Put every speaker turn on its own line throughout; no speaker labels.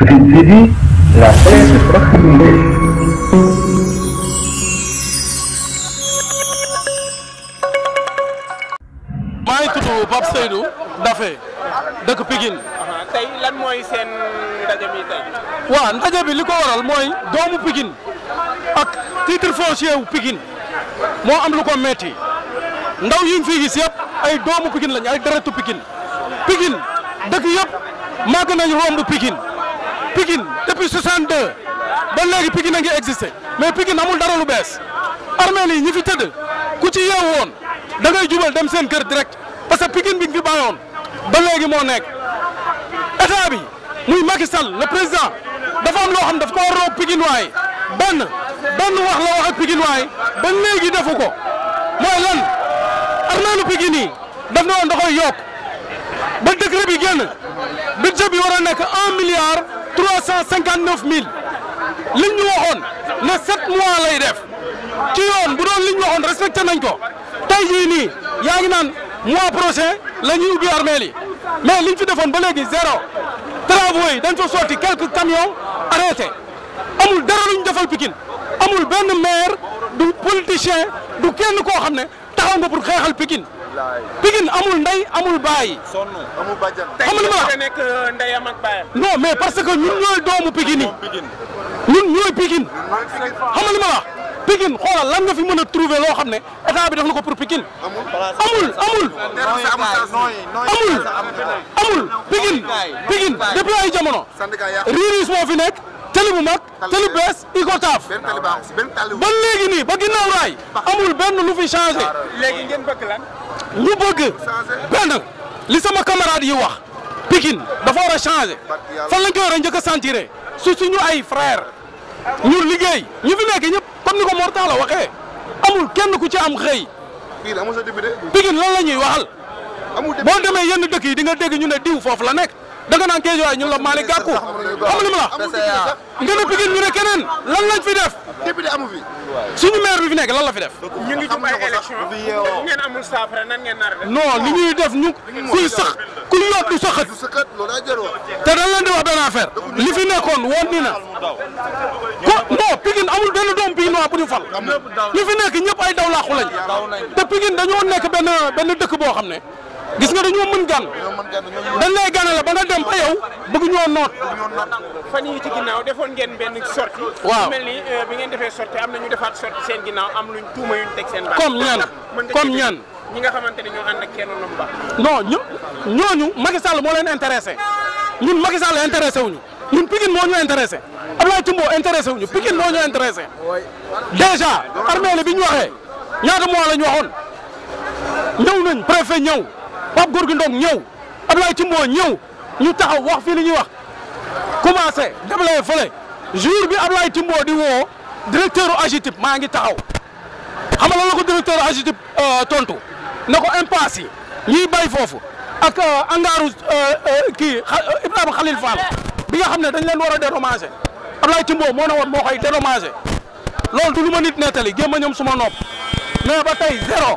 Principi, la fe de prójimo maa ngi Seydou Dafe dëkk Pikine. tey lan mooy seen ndaje bi tey. ndaje bi waral doomu ak titre foncier wu Pikine moo am lu ko metti ndaw yi fi gis yëpp ay doomu Pikine lañ ay deretu Pikine Pikine dëkk yëpp màgg nañ romb Pikine depuis 62 ba léegi Pikine a ngi existé mais Pikine amul dara lu bees armée yi tëdd ku ci yeewu woon da jubal dem seen kër direct parce que Pikine bi nga fi bàyyoon ba léegi moo nekk état bi muy Macky Sall le président dafa am loo xam daf ko war Pikine waay benn benn wax la wax ak waay ba léegi defu ko mooy lan armeelu Pikine daf ne woon da yokk ba décret bi génn budget bi nekk un milliard. 359 000 li ñu waxoon ne 7 mois lay def ci yoon bu doon li ñu waxoon respecté nañ ko tey jii nii yaa mois prochain la ñuy ubbi mais liñ fi defoon ba léegi zéro travaux yi dañ fa quelques camions arrêté amul dara lu ñu defal Pikine amul ben maire du politicien du kenn koo xam ne taxaw nga pour xeexal Pikine Pikine amul ndey amul baay. sonn amul bàjjan. amul ma tey nekk euh, ndeyam parce que ñun ñooy doomu Pikine yi. ñun ñooy Pikine. xamal ma wax Pikine fi mën a trouver loo xam ne état bi def na ko pour Pikine. amul amul. amul amul Pikine Pikine jamono. riiris moo fi nekk tëli bu mag. tali bees i ko taaf ba léegi nii ba ginnaaw raay amul benn lu fi changé léegi ngeen bëgg lan ñu bëgg benn li sama camarade yi wax Pikine dafa war a changé fan lañ ko njëkk a sentiré su suñu ay frère ñu liggéey ñu fi nekk ñëpp comme ni ko Mor Talla waxee amul kenn ku ci am xëy Pikine lan la ñuy waxal boo demee yenn dëkk yi di nga dégg ñu ne diw foofu la nekk da nga naan Guédiawaye ñun la Malick Gakou xam li mu la nga ne Pikine ñu ne keneen lan lañ fi def député amu fi suñu maire bi fi nekk lan la fi def ñu ngi jëm ay élection ngeen amul saafara nan ngeen nar non li ñuy def ñu kuy sax ku yóot du saxat te dañ leen di wax benn affaire li fi nekkoon woon ni na ko non Pikine amul benn doom bii noir bu ñu fal li fi nekk ñëpp ay daw laaxu lañ te Pikine dañoo nekk benn benn dëkk boo xam ne gis nga dañoo mën gan dañ lay ganale ba nga dem ba yow bëgg ñoo noot fan ni ci ginnaaw defoon ngeen benn sortie waaw mel ni euh, bi ngeen defee sortie am na ñu defaat sortie seen ginnaaw am luñ tuuma yuñ teg seen comme ñaan comme ñaan ñi nga xamante ne ñoo ànd ak kenn lom ba non ñu ñooñu Sall moo leen intéressé ñun Macky Sall intéressé wuñu ñun Pikine moo ñu intéressé Ablaye Timbo intéressé wuñu Pikine moo ñu intéressé déjà armée li bi ñu waxee ñaata mois la ñu waxoon ñëw nañ préfet ñaw Pape Gorgui Ndong ñëw Ablaye Timbo ñëw ñu taxaw wax fii li ñuy wax commencé déblayé fële jour bi Ablaye Timbo di woo directeur u maa ngi taxaw xam la ko directeur u euh, tontu na ko impasse yi ñuy bay foofu ak euh, angaaru euh, kii Ibrahima Khalil Fall bi nga xam ne dañ leen war a dédommagé Ablaye Timbo moo na woon moo koy dédommagé loolu du lu ma nit nettali gémma ñoom suma nopp mais ba tey zéro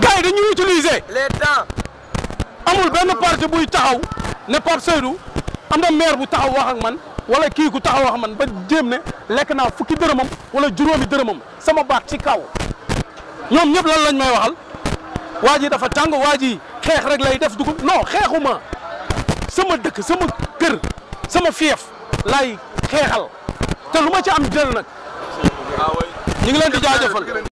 gars yi dañuy utiliser. les temps. amul benn parti buy taxaw ne Pape Seydou am na maire bu taxaw wax ak man wala kii ku taxaw wax ak man ba jéem ne lekk naa fukki dërëmam wala juróomi dërëmam sama baat ci kaw ñoom ñëpp lan lañ may waxal waa ji dafa tàng waa ji xeex rek lay def dugub non xeexuma sama dëkk sama kër sama fief lay xeexal te lu ma ci am jël nag ñu ngi leen di jaajëfal